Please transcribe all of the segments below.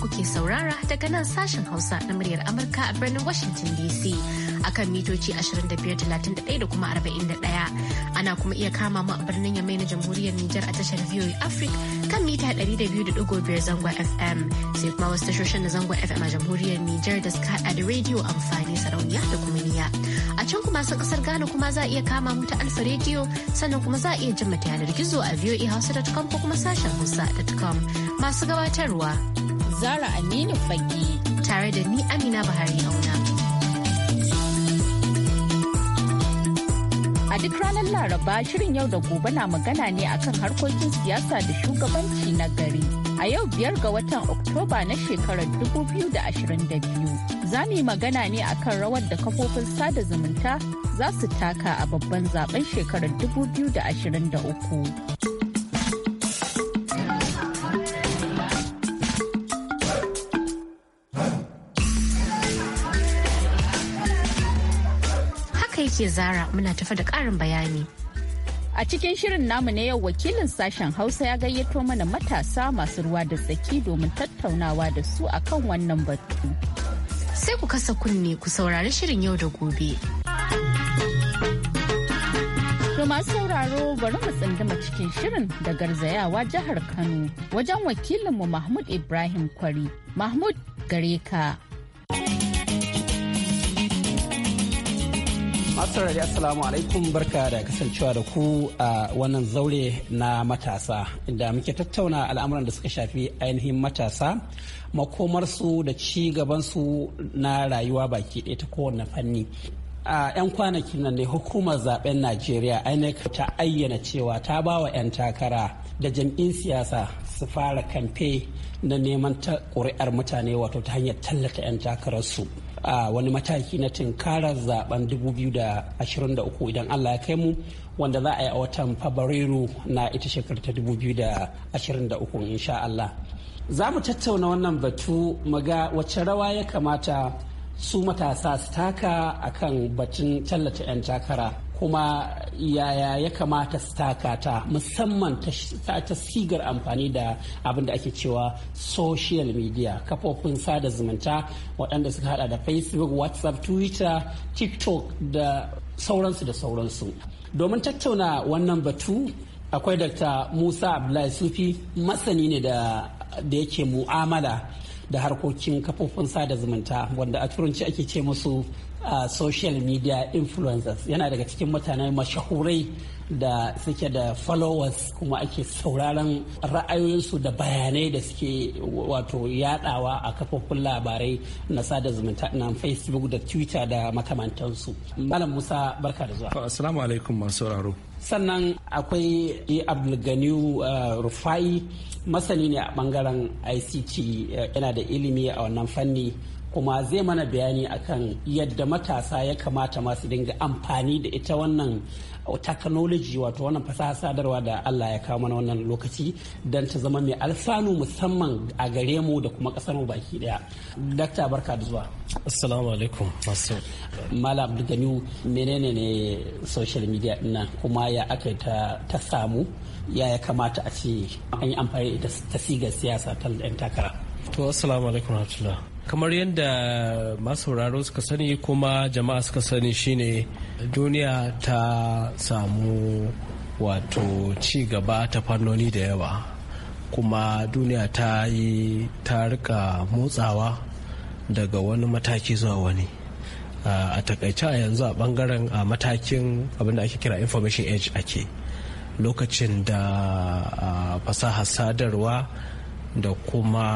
kuke saurara daga nan sashen Hausa na muryar Amurka a birnin Washington DC akan mitoci 2531 da kuma 41. Ana kuma iya kama mu a birnin Yamai na Jamhuriyar Nijar a tashar VOA Africa kan mita 200.5 zangon FM sai kuma wasu tashoshin na zangon FM a Jamhuriyar Nijar da suka haɗa da rediyo amfani sarauniya da kuma niya. A can kuma sun kasar Ghana kuma za a iya kama mu ta Alfa rediyo sannan kuma za a iya jin mata yanar gizo a voahausa.com ko kuma sashen hausa.com masu gabatarwa Zara Aminu Fage. Tare da ni Amina Buhari Auna. A duk ranar Laraba shirin yau da gobe na magana ne akan harkokin siyasa da shugabanci na gari. A yau biyar ga watan Oktoba na shekarar 2022 za mu yi magana ne akan rawar da kafofin sada zumunta za su taka a babban zaben shekarar 2023. ke Zara muna tafa da ƙarin bayani. A cikin shirin namu na yau wakilin sashen Hausa ya gayyato mana matasa masu ruwa da tsaki domin tattaunawa da su akan wannan batu. Sai ku kasa kunne ku saurari shirin yau da gobe. To masu sauraro bari mu tsinduma cikin shirin da garzayawa jihar Kano wajen wakilinmu Mahmud Ibrahim Kwari. Mahmud gare ka. masu assalamu alaikum barka da kasancewa da ku a wannan zaure na matasa inda muke tattauna al'amuran da suka shafi ainihin matasa makomarsu da ci gabansu na rayuwa baki ɗaya ta kowane fanni a 'yan kwanakin nan ne hukumar zaben najeriya inec ta ayyana cewa ta ba wa 'yan takara da jam'in siyasa su fara kamfe na neman ta ƙuri'ar mutane wato ta hanyar tallata 'yan takararsu a wani mataki na tunkarar zaben 2023 idan allah ya kai mu wanda za a yi a watan fabrairu na ita shekara ta 2023 insha allah za mu tattauna wannan batu maga wacce rawa ya kamata su matasa su taka akan batun tallata 'yan takara kuma yaya ya kamata su takata musamman ta sigar amfani da abin da ake cewa social media kafofin sada zumunta waɗanda suka hada da facebook whatsapp twitter tiktok da sauransu da sauransu domin tattauna wannan batu akwai dr musa abdullahi sufi masani ne da yake mu'amala da harkokin kafofin sada zumunta wanda a turanci ake ce musu a social media influencers yana daga cikin mutane mashahurai da suke da followers kuma ake sauraron ra'ayoyinsu da bayanai da suke wato yadawa a kafofin labarai na sada zumunta na facebook da twitter da makamantansu malam musa barka da zuwa assalamu alaikum masu sauraro sannan akwai abdulganiu eh, rufai masani ne a bangaren ict eh, yana da ilimi a wannan fanni kuma zai mana bayani akan yadda matasa ya kamata masu dinga amfani da ita wannan technology wato wannan fasaha sadarwa da Allah ya kawo mana wannan lokaci don ta zama mai alfanu musamman a gare mu da kuma kasar mu baki daya. Dakta barka da zuwa. Assalamu alaikum. Malam Abdulganiyu menene ne social media dinnan kuma ya aka ta, samu ya ya kamata a ce an yi amfani da ta sigar siyasa ta 'yan takara. To assalamu alaikum kamar yadda masauraro suka sani kuma jama'a suka sani shine duniya ta samu wato ci gaba ta fannoni da yawa kuma duniya ta yi ta rika motsawa daga wani mataki zuwa wani a takaice a yanzu a bangaren a matakin abinda ake kira information age ake lokacin da fasahar sadarwa da kuma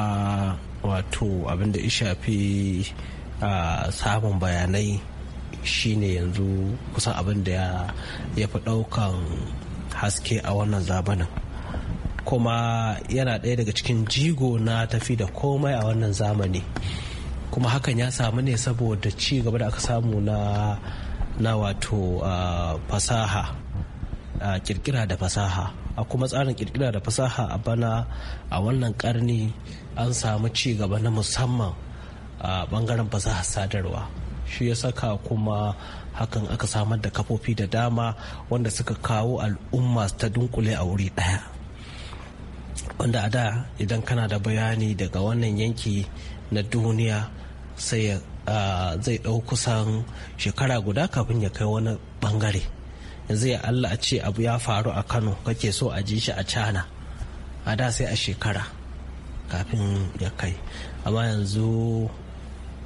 wato abinda ya shafi samun bayanai shine yanzu kusan abin da ya fi daukan haske a wannan zamanin kuma yana ɗaya daga cikin jigo na tafi da komai a wannan zamani kuma hakan ya samu ne saboda ci gaba da aka samu na na wato fasaha kirkira da fasaha a kuma tsarin kirkira da fasaha a bana a wannan karni an samu ci gaba na musamman a bangaren fasahar sadarwa shi ya saka kuma hakan aka samar da kafofi da dama wanda suka kawo al'umma ta dunkule a wuri daya wanda a da idan kana da bayani daga wannan yanki na duniya sai zai ɗau kusan shekara guda kafin ya kai wani bangare yanzu ya allah a ce abu ya faru a kano kake so a ji shi a cana a da sai a shekara kafin ya kai amma yanzu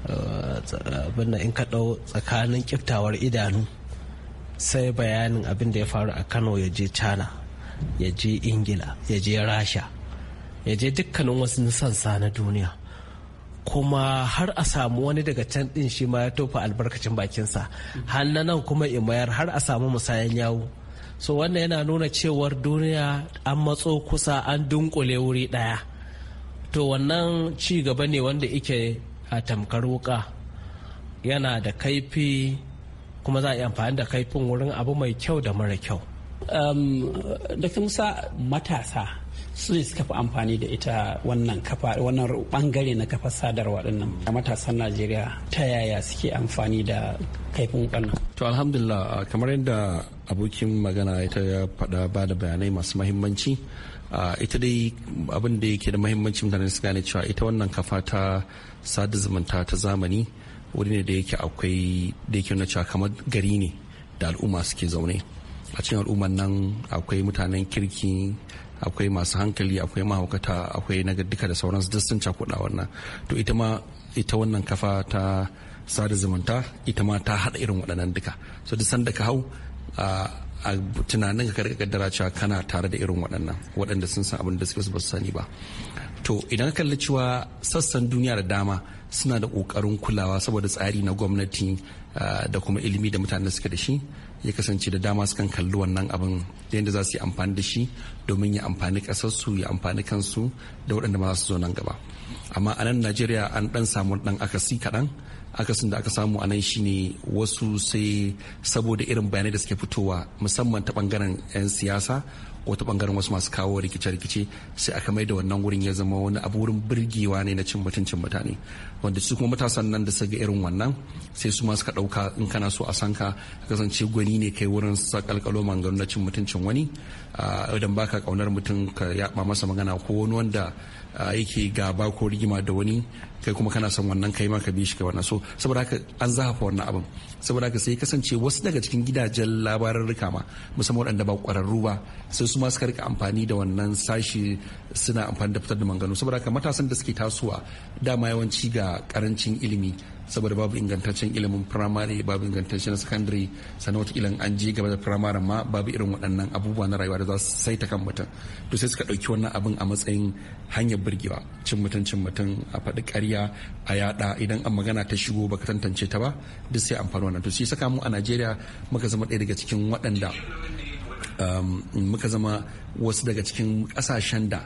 eh, abinda in ka ɗau tsakanin kiftawar idanu sai bayanin abin da ya faru a kano ya je cana ya je ingila ya je rasha ya je dukkanin wasu sansa na duniya kuma har a samu wani daga can din shi ma ya tofa albarkacin bakinsa har na nan kuma imayar har a samu musayan yawu so wannan yana nuna cewar duniya an matso kusa an dunkule wuri daya to wannan ci gaba ne wanda ike a tamkar wuka yana da kaifi kuma za a yi amfani da kaifin wurin abu mai kyau da mara kyau um, da musa matasa su ne suka fi amfani da ita wannan kafa wannan bangare na kafa sadarwa dinnan matasan najeriya ta yaya suke amfani da kaifin wannan to alhamdulillah kamar yadda abokin magana ita ya faɗa ba da bayanai masu mahimmanci ita dai abin da yake da mahimmanci mutane su gane cewa ita wannan kafa ta sada zumunta ta zamani wuri ne da yake akwai da yake na cewa kamar gari ne da al'umma suke zaune a cikin al'umman nan akwai mutanen kirki akwai masu hankali akwai mahaukata akwai na duka da sauransu duk sun cakuɗa wannan to ita ma ita wannan kafa ta sada zumunta ita ma ta haɗa irin waɗannan duka so duk sanda ka hau a tunanin ka karka kaddara cewa kana tare da irin waɗannan waɗanda sun san abin da suke su ba su sani ba to idan ka kalli cewa sassan duniya da dama suna da ƙoƙarin kulawa saboda tsari na gwamnati da kuma ilimi da mutane suke da shi ya kasance da dama sukan kalli wannan abin da yadda za su yi amfani da shi domin ya amfani kasarsu ya amfani kansu da waɗanda masu su zo nan gaba amma a nan najeriya an ɗan samu ɗan akasi kaɗan akasin da aka samu a nan shine wasu sai saboda irin bayanai da suke fitowa musamman ta ɓangaren 'yan siyasa ko ta bangaren wasu masu kawo rikice-rikice sai aka mai da wannan wurin ya zama wani abu wurin birgewa ne na cin mutuncin mutane wanda su kuma matasan nan da saga irin wannan sai su masu ka ɗauka in kana so a san ka kasance gwani ne kai wurin sa ƙalƙalo manganu na cin mutuncin wani ah, idan baka Ka kaunar mutum ka yaba masa magana ko wani wanda yake gaba ko rigima da wani kai kuma kana son wannan kai ka bi shi ka wannan so saboda haka an zahafa wannan abin saboda haka sai kasance wasu daga cikin gidajen labaran ma musamman waɗanda ba ƙwararru ba sai su ma suka rika amfani da wannan sashi suna amfani da fitar da manganu saboda haka matasan da suke tasowa dama yawanci ga karancin ilimi saboda babu ingantaccen ilimin firamare babu ingantaccen sakandare sannan watakilan an je gaba da firamare ma babu irin waɗannan abubuwa na rayuwa da za su saita kan mutum to sai suka ɗauki wannan abin a matsayin hanyar burgewa cin mutum cin mutum a faɗi ƙarya a yaɗa idan an magana ta shigo baka tantance ta ba duk sai amfani wannan to sai saka mu a najeriya muka zama ɗaya daga cikin waɗanda um, muka zama wasu daga cikin ƙasashen da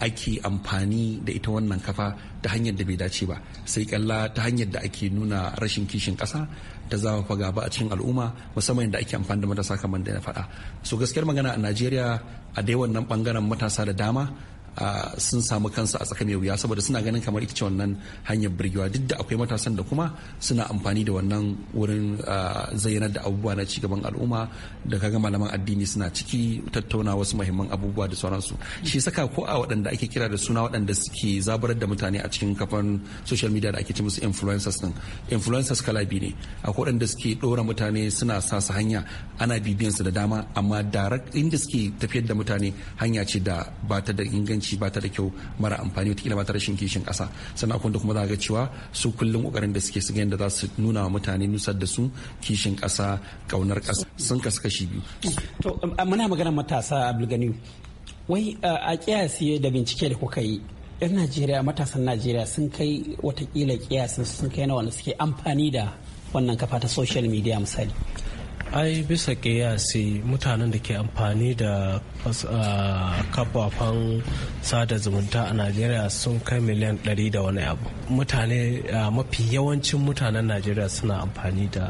ake amfani da ita wannan kafa ta hanyar da bai dace ba sai kalla ta hanyar da ake nuna rashin kishin kasa ta zama faga gaba a cikin al'umma musamman yadda ake amfani da matasa kamar da na faɗa so gaskiyar magana a najeriya a dai wannan bangaren matasa da dama sun samu kansu a tsakanin wuya saboda suna ganin kamar ita ce wannan hanyar birgewa duk da akwai matasan da kuma suna amfani da wannan wurin zayyanar da abubuwa na cigaban al'umma da kaga malaman addini suna ciki tattauna wasu muhimman abubuwa da sauransu shi saka ko a waɗanda ake kira da suna waɗanda suke zabarar da mutane a cikin kafan social media da ake ce musu influencers din influencers kala bi ne akwai waɗanda suke ɗora mutane suna sa su hanya ana bibiyansu da dama amma direct inda suke tafiyar da mutane hanya ce da ba ta da inganci inganci ba ta da kyau mara amfani wata ba ta rashin kishin kasa sannan akwai kuma za ga cewa su kullum kokarin da suke su yadda za su nuna wa mutane nusar da su kishin kasa kaunar kasa sun kasu kashi biyu. to muna magana matasa abdulgani wai a kiyasi da bincike da kuka yi yan najeriya matasan najeriya sun kai watakila kiyasin sun kai na wanda suke amfani da wannan kafa ta social media misali ai bisa kiyasi mutanen da ke amfani da ah, kafafen sada zumunta a najeriya sun kai miliyan 100 da wani abu mutane ah, mafi yawancin mutanen najeriya suna amfani da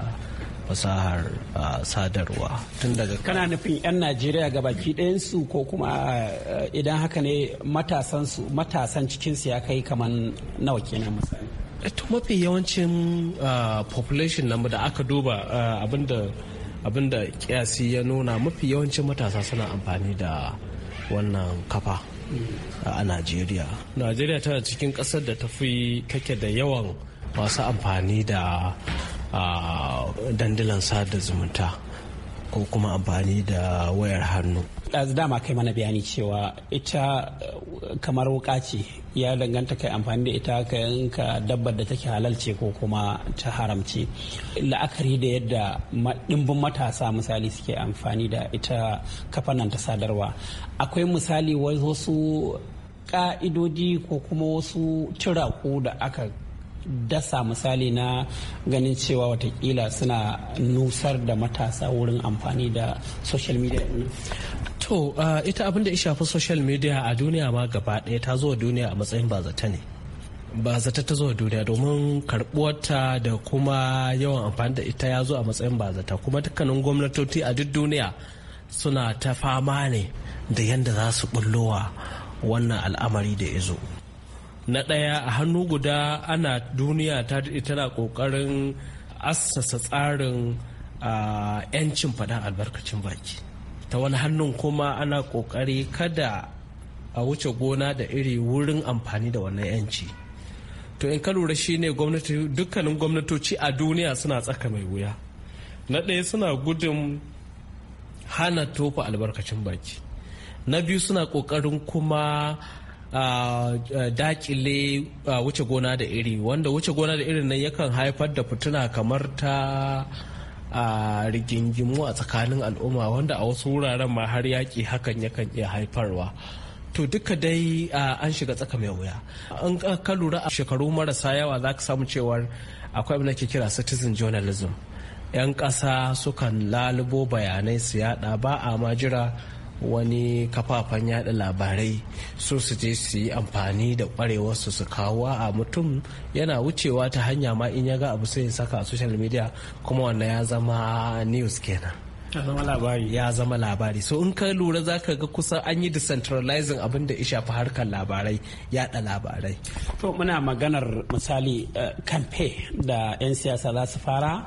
fasahar ah, sadarwa tun daga kana nufin 'yan najeriya ga baki su ko kuma eh, idan haka ne matasan cikinsu ya kai kaman nawa kenan misali eh, mafi yawancin population namu da aka duba abinda abinda kiyasi ya nuna mafi yawancin matasa suna amfani da wannan kafa a najeriya najeriya tana cikin kasar da ta fi kake da yawan masu amfani da dandalin sada zumunta ko kuma amfani da wayar hannu dama kai mana bayani cewa ita kamar wuka ce ya danganta kai amfani da ita ka yanka dabbar da take halal ko kuma ta haramci la'akari da yadda dimbin matasa misali suke amfani da ita kafanan ta sadarwa akwai misali wasu ka'idodi ko kuma wasu turaku da aka dasa misali na ganin cewa watakila suna nusar da matasa wurin amfani da social media To uh, ita abin da ya shafi social media a duniya ma gaba ɗaya ta zo duniya a matsayin ba zata ne. Ba zata ta zo duniya domin karɓuwarta da kuma yawan amfani da ita ya zo a matsayin ba zata kuma dukkanin gwamnatoci a duk duniya suna ta fama ne da yadda za su bullowa wannan al'amari da ya zo. Na ɗaya a hannu guda ana duniya ta tana ƙoƙarin assasa tsarin uh, 'yancin faɗin albarkacin baki. ta wani hannun kuma ana kokari kada a wuce gona da iri wurin amfani da wannan yanci to in ka lura shi ne dukkanin gwamnatoci a duniya suna tsaka mai wuya na ɗaya suna gudun hana tofa albarkacin baki na biyu suna kokarin kuma a dakile wuce gona da iri wanda wuce gona da irin nan yakan haifar da fituna kamar ta a rigingimu a tsakanin al'umma wanda a wasu wuraren ma har yaƙi hakan yakan iya haifarwa to duka dai an shiga tsaka mai wuya an ka lura a shekaru marasa yawa za ka samu cewar akwai abin da ke kira citizen journalism 'yan ƙasa sukan lalubo bayanai su yada ba a ma jira wani kafafen yada labarai so su je su yi amfani da kwarewarsu su kawo a mutum yana wucewa ta hanya ma in ya ga abu sai ya saka a social media kuma wannan ya zama news kenan ya zama labari so in ka lura za ka ga kusan an yi decentralizing abin da ya shafa harkar labarai yada labarai to muna maganar misali eh, kamfe da 'yan siyasa za su fara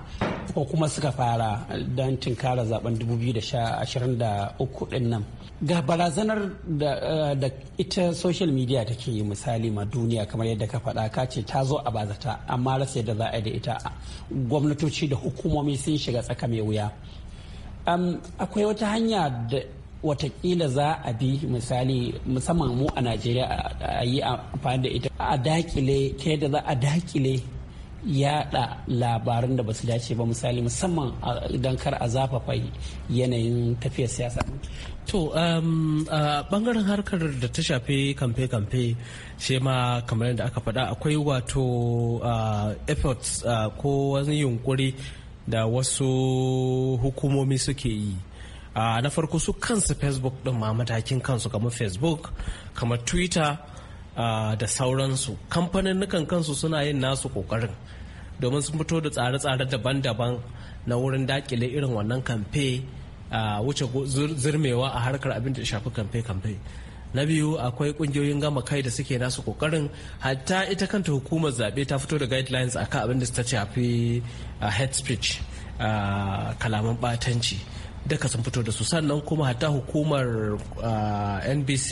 ko kuma suka fara don tinkara zaben 2023 din nan ga barazanar eh, da ita social media take yi misali ma duniya kamar yadda ka faɗa ka ce ta zo a bazata amma rasa yadda za a yi da ita gwamnatoci da hukumomi sun shiga tsaka mai wuya um, akwai wata hanya da watakila za a bi misali musamman mu a najeriya a yi amfani da ita a dakile ta yadda za a dakile yada labarin da basu dace ba misali musamman don kar a zafafa yanayin tafiyar siyasa to bangaren um, harkar da ta shafi kamfe-kamfe shi ma kamar yadda aka faɗa akwai wato uh, efforts uh, ko wani yunkuri da wasu hukumomi suke yi uh, na farko su kansu facebook ɗin ma matakin kansu kamar facebook kamar twitter uh, da sauransu kamfanin kansu suna yin nasu ƙoƙarin domin sun fito da tsare-tsare daban-daban na wurin dakile irin wannan kamfe zirmewa wuce zurmewa a harkar abin da shafi kamfe-kamfe na biyu akwai kungiyoyin gama kai da suke nasu kokarin hatta ita kanta hukumar zaɓe ta fito da guidelines akan abin da ta shafi head speech kalaman batanci duka sun fito da su sannan kuma hatta hukumar nbc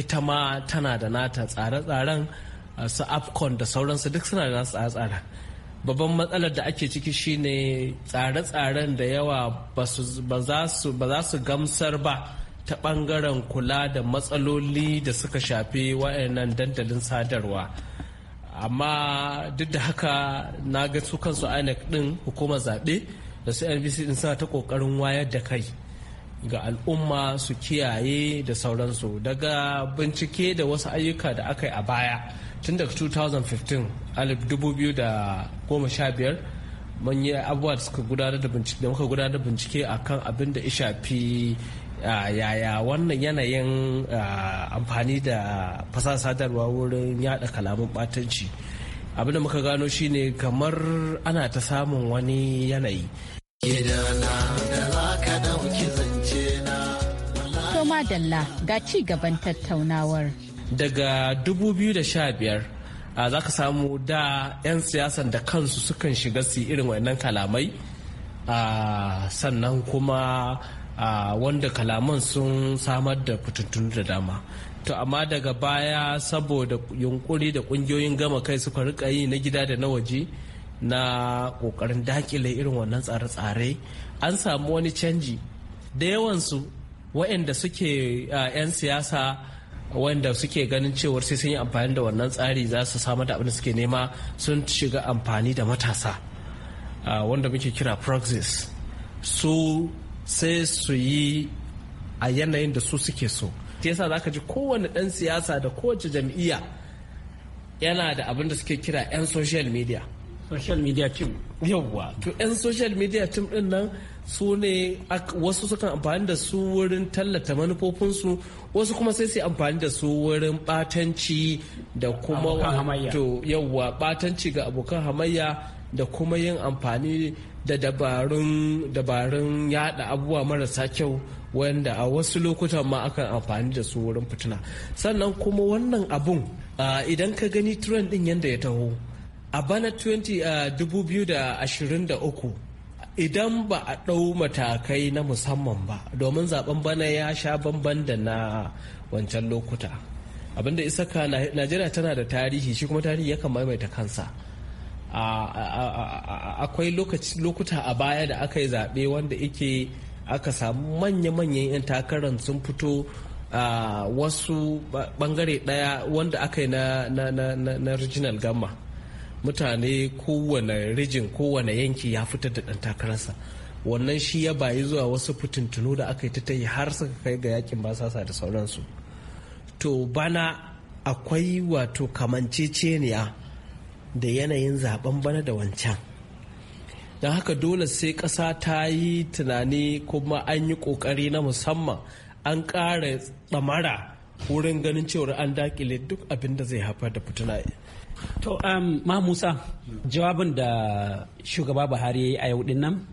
ita ma tana da nata tsare-tsaren su afcon da sauransu duk suna da nasu tsare babban matsalar da ake ciki shine tsare-tsaren da yawa ba za su gamsar ba ta bangaren kula da matsaloli da suka shafi wayannan dandalin sadarwa amma duk da haka na ga su kansu inec din hukumar zaɓe da su nbc din suna ta ƙoƙarin wayar da kai ga al'umma su kiyaye da sauransu daga bincike da wasu ayyuka da aka yi a baya tun daga 2015 2015 mun yi abubuwa da suka gudanar da bincike da muka gudanar da bincike akan abin da ya shafi Ah, yaya wannan yanayin ah, amfani da fasa sadarwa wurin yada kalaman batanci abinda muka gano shine kamar ana ta samun wani yanayi Toma Dalla ga ci gaban tattaunawar. Daga 2015 a ah, za ka samu da 'yan siyasan da kansu sukan shiga su irin wannan kalamai sannan kuma a wanda kalaman sun samar da fitattun da dama to amma daga baya saboda yunkuri da kungiyoyin gama kai suka rika yi na gida da na waje na kokarin dakile irin wannan tsare-tsare an samu wani canji da yawansu waɗanda suke 'yan siyasa wanda suke ganin cewar sai sun yi amfani da wannan tsari za su samar da abin da suke nema sun shiga amfani da matasa wanda muke kira proxies su sai su yi a yanayin da su suke so yasa za ka ji kowane ɗan siyasa da kowace jam'iyya yana da abin da suke kira 'yan social media social media team yawwa to 'yan social media team din nan su ne wasu sukan amfani da su wurin tallata manufofinsu wasu kuma sai su amfani da su wurin batanci da kuma to yawwa batanci ga abokan hamayya da kuma yin amfani da dabarun dabarun yada abubuwa marasa kyau wanda a wasu lokutan ma akan amfani da su wurin fitina sannan kuma wannan abun idan ka gani trend din yadda ya taho a bana 2023 idan ba a ɗau matakai na musamman ba domin zaben bana ya sha bamban da na wancan lokuta abinda isaka najeriya tana da tarihi shi kuma tarihi ya yakan maimaita kansa akwai lokuta a baya da aka yi zaɓe wanda ike aka samu manya-manyan 'yan takarar sun fito a wasu bangare ɗaya wanda aka yi na, regional gamma mutane kowane rijin kowane yanki ya fitar da ɗan takararsa wannan shi ya bayi zuwa wasu fitintunu da aka yi ta yi har suka kai ga yakin basasa da sauransu to bana akwai wato kamanceceniya da yanayin zaben bana da wancan don haka dole sai ƙasa ta yi tunani kuma an yi ƙoƙari na musamman an ƙara tsamara wurin ganin cewar an dakile duk abin da zai haifar da fituna to um, ma musa jawabin da shugaba buhari ya yi a yau din nan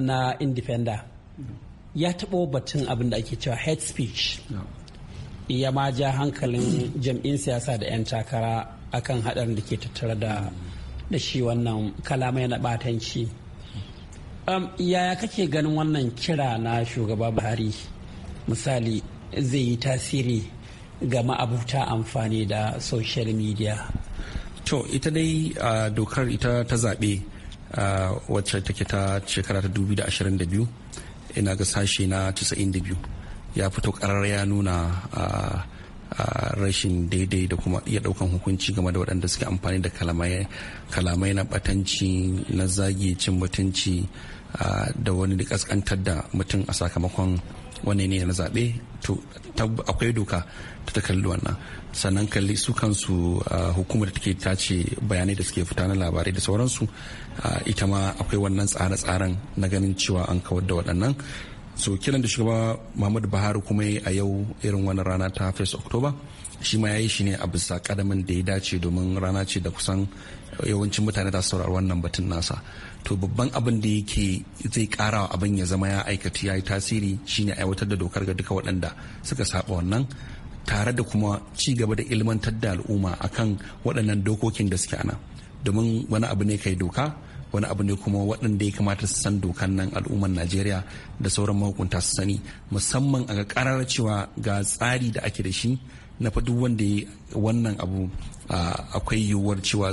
na indifenda ya taɓo batun abin da ake cewa head speech ya ma ja hankalin jam'in siyasa da 'yan takara akan haɗarin da ke tattare da shi wannan kalamai na batanci um, yaya kake ganin wannan kira na shugaba buhari misali zai yi tasiri ga ma'abuta amfani da social media to ita dai a dokar ita ta zaɓe wacce take ta shekara ta 2022 ina ga sashe na 92 ya fito ƙarar ya nuna uh, a rashin daidai da kuma iya daukan hukunci game da waɗanda suke amfani da kalamai na batanci na zagi cin mutunci da wani da kaskantar da mutum a sakamakon wani ne na zaɓe to akwai doka ta kalli wannan sannan kalli su kansu hukumar da take tace bayanai da suke fita na labarai da sauransu ita ma akwai wannan tsare-tsaren na ganin cewa an kawar da waɗannan so kiran da shugaba muhammadu buhari kuma a yau irin wani rana ta 1 october shi ma ya yi shi ne a bisa kadamin da ya dace domin rana ce da kusan yawancin mutane za su saurari wannan batun nasa to babban abin da yake zai kara abin ya zama ya aikata ya yi tasiri shine aiwatar da dokar ga duka waɗanda suka saba wannan tare da kuma ci gaba da ilmantar da al'umma akan waɗannan dokokin da suke ana domin wani abu ne kai doka wani abu ne kuma waɗanda ya kamata su san dokan nan al'ummar najeriya da sauran mahukunta su sani musamman a ga cewa ga tsari da ake da shi na fa duk wanda wannan abu akwai yiwuwar cewa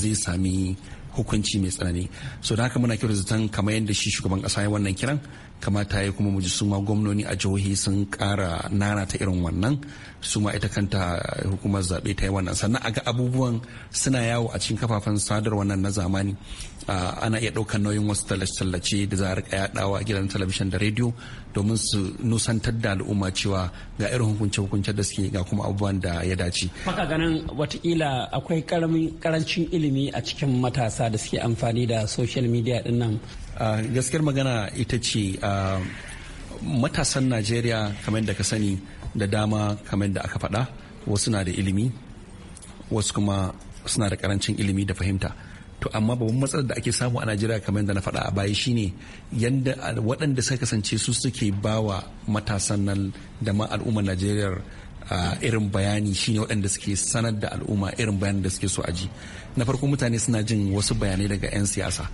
zai sami hukunci mai tsanani so da haka muna kira zaton kamar yadda shi shugaban kasa ya wannan kiran kamata ya kuma muji su ma gwamnoni a jihohi sun kara nana ta irin wannan su ita kanta hukumar zaɓe ta yi wannan sannan aga abubuwan suna yawo a cikin kafafen sadarwa nan na zamani ana iya ɗaukar nauyin wasu tallace-tallace da za a rika yaɗawa a gidan talabijin da rediyo domin su nusantar da al'umma cewa ga irin hukunce-hukunce da suke ga kuma abubuwan da ya dace. Maka ganin watakila akwai karancin ilimi a cikin matasa da suke amfani da social media din nan gaskiyar magana ita ce matasan najeriya kamar da ka sani da dama kamar da aka faɗa wasu na da ilimi wasu kuma suna da karancin ilimi da fahimta to amma babban matsalar da ake samu a najeriya kamar da na faɗa a baya shine yadda waɗanda suka kasance su suke bawa matasan nan da ma al'ummar najeriya irin bayani shine waɗanda suke sanar da al'umma irin bayanin da suke so a ji na farko mutane suna jin wasu bayanai daga 'yan siyasa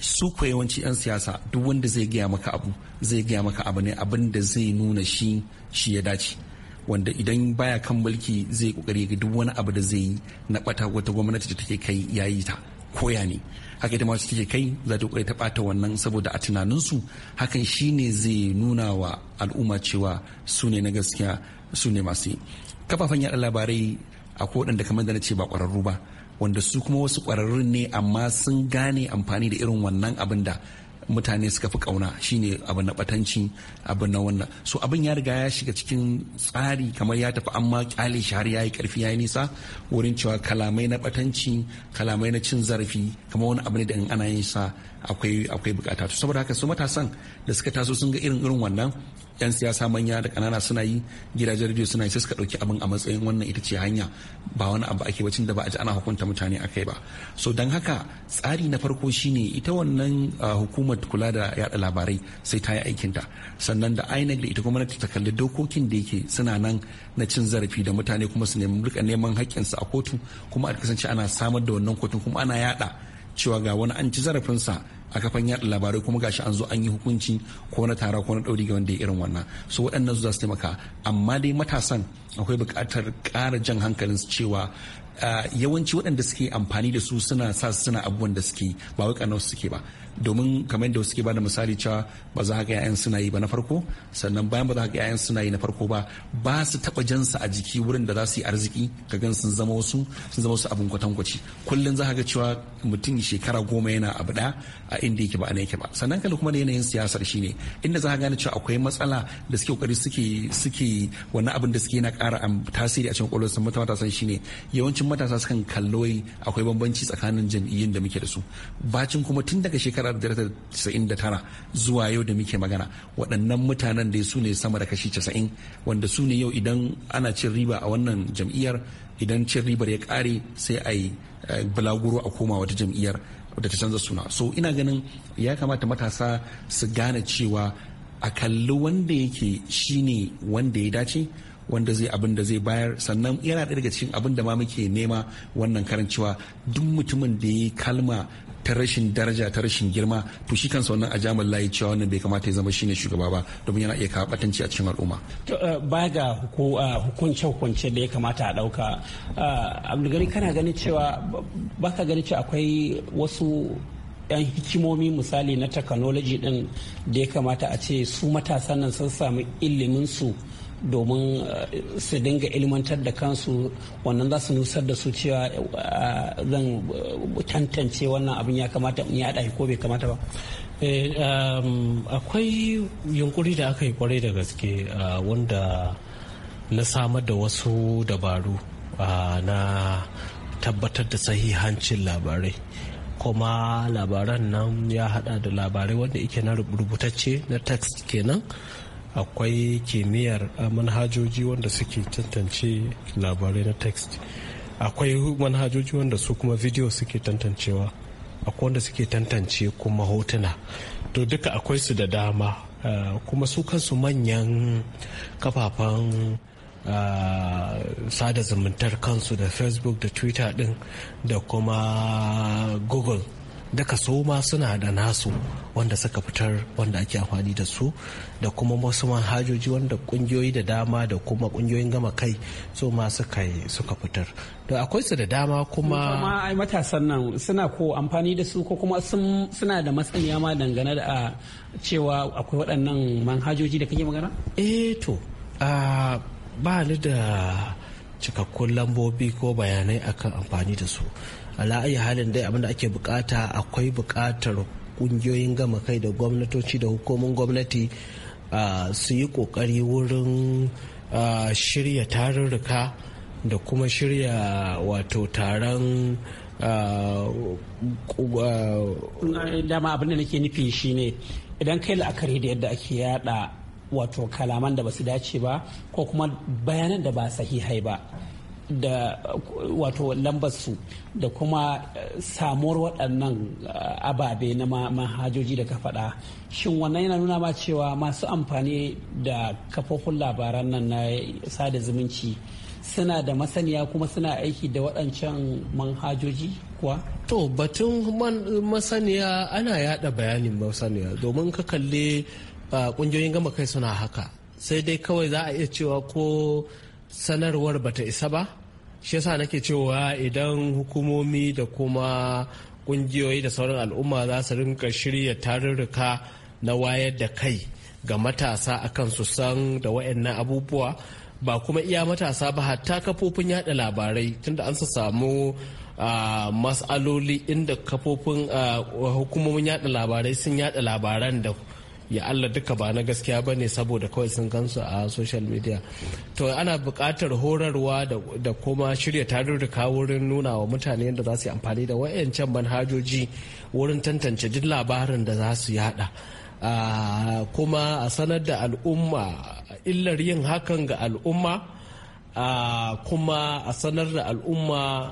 su ko yawanci 'yan siyasa duk wanda zai gaya maka abu zai gaya maka abu ne abin da zai nuna shi shi ya dace wanda idan baya kan mulki zai kokari ga duk wani abu da zai yi na bata wata gwamnati da take kai yayi ta koya ne haka ita ma take kai za ta ta bata wannan saboda a tunaninsu hakan shine zai nuna wa al'umma cewa su ne na gaskiya su ne masu yi kafafen yaɗa labarai a waɗanda kamar da na ce ba ƙwararru ba wanda su kuma wasu ƙwararrun ne amma sun gane amfani da irin wannan abin da mutane suka fi kauna shine abu na batanci abu na wannan so abin ya riga ya shiga cikin tsari kamar ya tafi amma kyale shi har yayi karfi yi nisa wurin cewa kalamai na batanci kalamai na cin zarafi kamar wani abu ne da in ana yin sa akwai akwai bukata to saboda haka su matasan da suka taso sun ga irin irin wannan yan siyasa manya da kanana suna yi gidajen rediyo suna yi sai suka dauki abin a matsayin wannan ita ce hanya ba wani abu ake bacin da ba a ji ana hukunta mutane kai ba so don haka tsari na farko shine ita wannan ah, hukumar kula da yada labarai sai ta yi aikinta sannan da INEC da ita gwamnati ta kalli dokokin da yake suna nan na cin zarafi da mutane kuma su nemi rika neman hakkin haƙƙinsu a kotu kuma a kasance ana samar da wannan kotun kuma ana yada cewa ga wani an ci zarafinsa a kafan yada labarai kuma gashi an zo an yi hukunci ko na tara ko na ɗauri ga wanda ya irin wannan so waɗannan su za su taimaka amma dai matasan akwai buƙatar ƙara jan hankalin cewa yawanci waɗanda suke amfani da su suna sa suna abubuwan da suke ba wai kanau suke ba domin kamar da suke ba da misali cewa ba za ga 'ya'yan suna yi ba na farko sannan bayan ba za ga 'ya'yan suna yi na farko ba ba su taɓa jansa a jiki wurin da za su yi arziki ka gan sun zama wasu sun zama wasu abun kwatankwaci kullum za ka ga cewa mutum shekara goma yana abu ɗaya a inda yake ba a yake ba sannan kala kuma da yanayin siyasar shine inda za ka gane cewa akwai matsala da suke kokari suke suke wannan abin da suke yana ƙara tasiri a cikin kwakwalwarsa mutane matasan shine yawancin bacin matasa sukan kalloi akwai bambanci tsakanin jam'iyyun da muke da su bacin kuma tun daga shekarar tara zuwa yau da muke magana waɗannan mutanen da su ne sama da kashi casa'in wanda su ne yau idan ana cin riba a wannan jam'iyyar idan cin ribar ya kare sai a yi eh, bulaguro a koma wata jam'iyyar da ta canza suna so ina ganin ya kamata matasa su gane cewa a kalli wanda yake shine wanda ya dace wanda zai abin da zai bayar sannan yana ɗaya daga cikin abin da ma muke nema wannan karin cewa duk mutumin da ya yi kalma ta rashin daraja ta rashin girma to shi kansa wannan a jamin layi cewa wannan bai kamata ya zama shine shugaba ba domin yana iya kawo batanci a cikin al'umma. Eh, baya ga eh, hukunce hukunce da ya kamata a ɗauka eh, abdulgari kana ganin cewa baka ganin cewa akwai wasu yan hikimomi misali na technology din da ya kamata a ce su matasan nan sun samu ilimin su domin eh, su dinga ilmantar da kansu wannan za su nusar da su cewa eh, zan eh, tantance wannan abin ya kamata in ya ko bai kamata ba um, akwai yunkuri da aka yi kwarai da gaske wanda na samar da wasu dabaru na tabbatar da sahihancin labarai kuma labaran nan ya hada da labarai wanda ike na rubutacce na text kenan akwai kimiyyar ah, manhajoji wanda suke tantance labarai na text akwai manhajoji wanda su kuma video suke tantancewa akwai wanda suke tantance kuma hotuna to duka akwai su da dama ah, kuma su kansu manyan kafafen ah, sada zumuntar kansu da facebook da twitter din da kuma google Daka soma suna da nasu wanda suka fitar wanda ake amfani da su da kuma wasu manhajoji wanda kungiyoyi da dama da kuma kungiyoyin gama kai su ma suka suka fitar da akwai su da dama kuma kuma ai matasan nan suna ko amfani da su ko kuma suna da matsaniya ma dangane da ah, cewa akwai waɗannan manhajoji da kake magana eh to ah, ba ni da cikakkun lambobi ko bayanai akan amfani da su ala ayi halin dai abinda ake bukata akwai bukatar kungiyoyin gama kai da gwamnatoci da hukumomin gwamnati su yi kokari wurin shirya tarurruka da kuma shirya wato taron dama abin nake nufi shine idan kai la'akari da yadda ake yada wato kalaman da ba su dace ba ko kuma bayanan da ba sahihai ba da wato lambarsu da kuma eh, samuwar waɗannan eh, ababe na manhajoji da ka faɗa shin wannan yana nuna ma cewa masu amfani da kafofin labaran nan na sada zumunci suna da masaniya kuma suna aiki da waɗancan manhajoji kuwa? To batun masaniya ana yada bayanin masaniya domin ka kalli kungiyoyin eh, gama kai suna haka sai dai kawai za a iya cewa ko sanarwar bata isa ba shi yasa nake cewa idan hukumomi da kuma kungiyoyi da sauran al'umma za su rinka shirya tarurruka na wayar da kai ga matasa akan su san da waɗannan abubuwa ba kuma iya matasa ba hatta kafofin yada labarai tunda an samu Uh, masaloli inda kafofin uh, hukumomin yada labarai sun yada labaran da ya Allah duka ba na gaskiya ba ne saboda kawai sun gansu a social media to ana buƙatar horarwa da kuma shirya tarurruka wurin nuna wa mutane yadda za su yi amfani da wayancan manhajoji wurin tantance duk labarin da za su yada kuma a sanar da al'umma illar yin hakan ga al'umma kuma a sanar da al'umma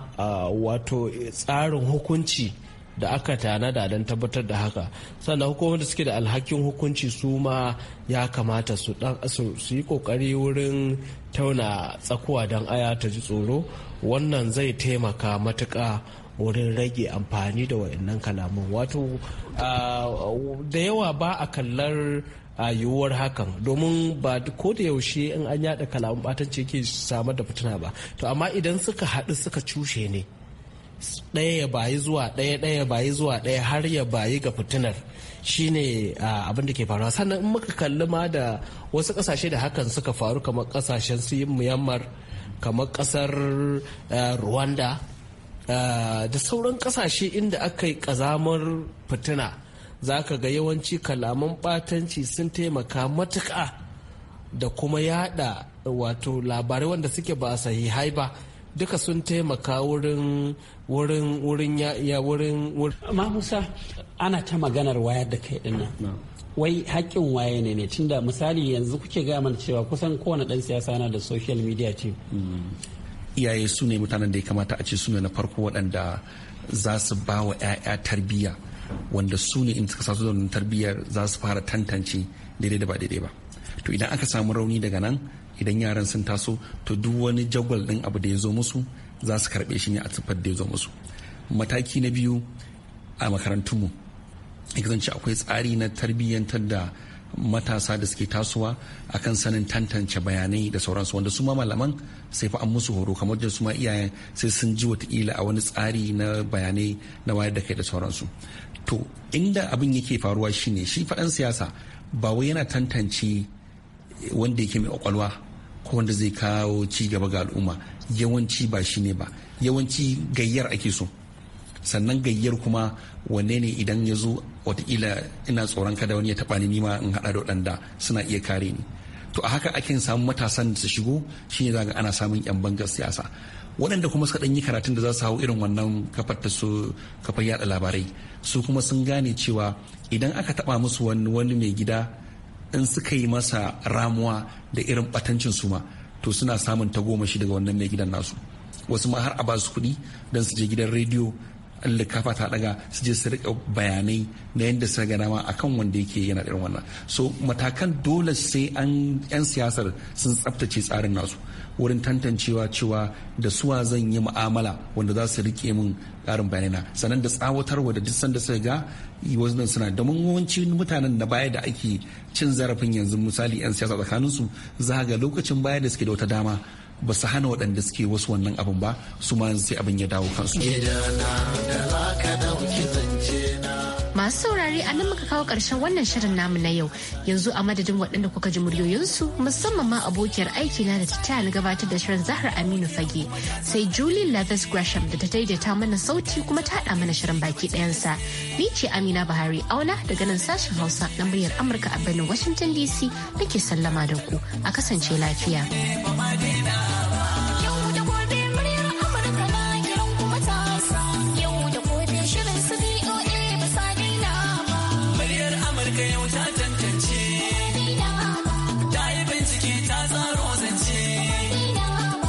wato tsarin hukunci da aka tanada don tabbatar da haka sannan hukumar da suke da alhakin hukunci su ma ya kamata su yi kokari wurin tauna tsakuwa don aya ta ji tsoro wannan zai taimaka matuka wurin rage amfani da wa'annan kalaman wato da yawa ba a kallar a yiwuwar hakan domin ba ko da yaushe in an yada kalaman batanci ke samar da fitina ba to amma idan suka haɗu suka cushe ne ɗaya ya bayi zuwa ɗaya ɗaya ya bayi zuwa ɗaya har ya bayi ga fitinar shine abin da ke faruwa sannan in muka kalli ma da wasu ƙasashe da hakan suka faru kamar ƙasashen su yin myanmar kamar ƙasar rwanda da sauran ƙasashe inda aka yi ƙazamar fitina za ka ga yawanci kalaman ɓatanci sun taimaka matuƙa da kuma yada wato labarai wanda suke ba sahihai ba duka sun taimaka wurin wurin wurin ya wurin ma musa ana ta maganar wayar da kai dinnan wai haƙƙin waye ne ne tunda misali yanzu kuke gaya mana cewa kusan kowane dan siyasa na da social media ce. Mm. iyaye su ne mutanen da ya kamata a ce su ne na farko waɗanda za su ba wa 'ya'ya tarbiyya wanda su ne in suka su da tarbiyyar za su fara tantance daidai da ba daidai ba to idan aka samu rauni daga nan idan yaran sun taso to duk wani jagwal ɗin abu da ya zo musu za su karbe shi ne a tsufar da ya zo musu mataki na biyu a makarantunmu kasance akwai tsari na tarbiyyantar da matasa da suke tasowa akan sanin tantance bayanai da sauransu wanda su ma malaman sai fa an musu horo kamar da su ma iyayen sai sun ji watakila a wani tsari na bayanai na wayar da kai da sauransu to inda abin yake faruwa shine shi faɗan siyasa ba wai yana tantance wanda yake mai kwakwalwa ko wanda zai kawo ci gaba ga al'umma yawanci ba shi ne ba yawanci gayyar ake so sannan gayyar kuma wanne ne idan ya zo watakila ina tsoron kada wani ya taɓa ni nima in haɗa da waɗanda suna iya kare ni to a haka ake samu matasan su shigo shine za ana samun yan bangar siyasa waɗanda kuma suka ɗan yi karatun da za su hau irin wannan kafar ta su kafar yada labarai su kuma sun gane cewa idan aka taɓa musu wani mai gida in suka yi masa ramuwa da irin batancin su ma to suna samun ta tagomashi daga wannan mai gidan nasu wasu ma har a ba su kuɗi don su je gidan rediyo likafa ta daga su je su rika bayanai na yadda su ga dama akan wanda yake yana irin wannan so matakan dole sai an yan siyasar sun tsaftace tsarin nasu wurin tantancewa cewa da suwa zan yi mu'amala wanda za su rike min karin bayanai na sannan da tsawatarwa da duk sanda suka ga wannan suna da yawanci mutanen da baya da ake cin zarafin yanzu misali 'yan siyasa tsakaninsu za ga lokacin baya da suke da wata dama ba su hana waɗanda suke wasu wannan abin ba su ma sai abin ya dawo kansu. Gidana da za ka zance Masu saurare a nan muka kawo ƙarshen wannan shirin namu na yau yanzu a madadin waɗanda kuka ji muryoyinsu musamman ma abokiyar aiki na da ta na gabatar da shirin zahar Aminu Fage sai Julie lavis Gresham da ta daidaita mana sauti kuma ta haɗa mana shirin baki ɗayansa. Ni ce Amina Buhari auna daga nan sashen Hausa na muryar Amurka a birnin Washington DC nake sallama da ku a kasance lafiya.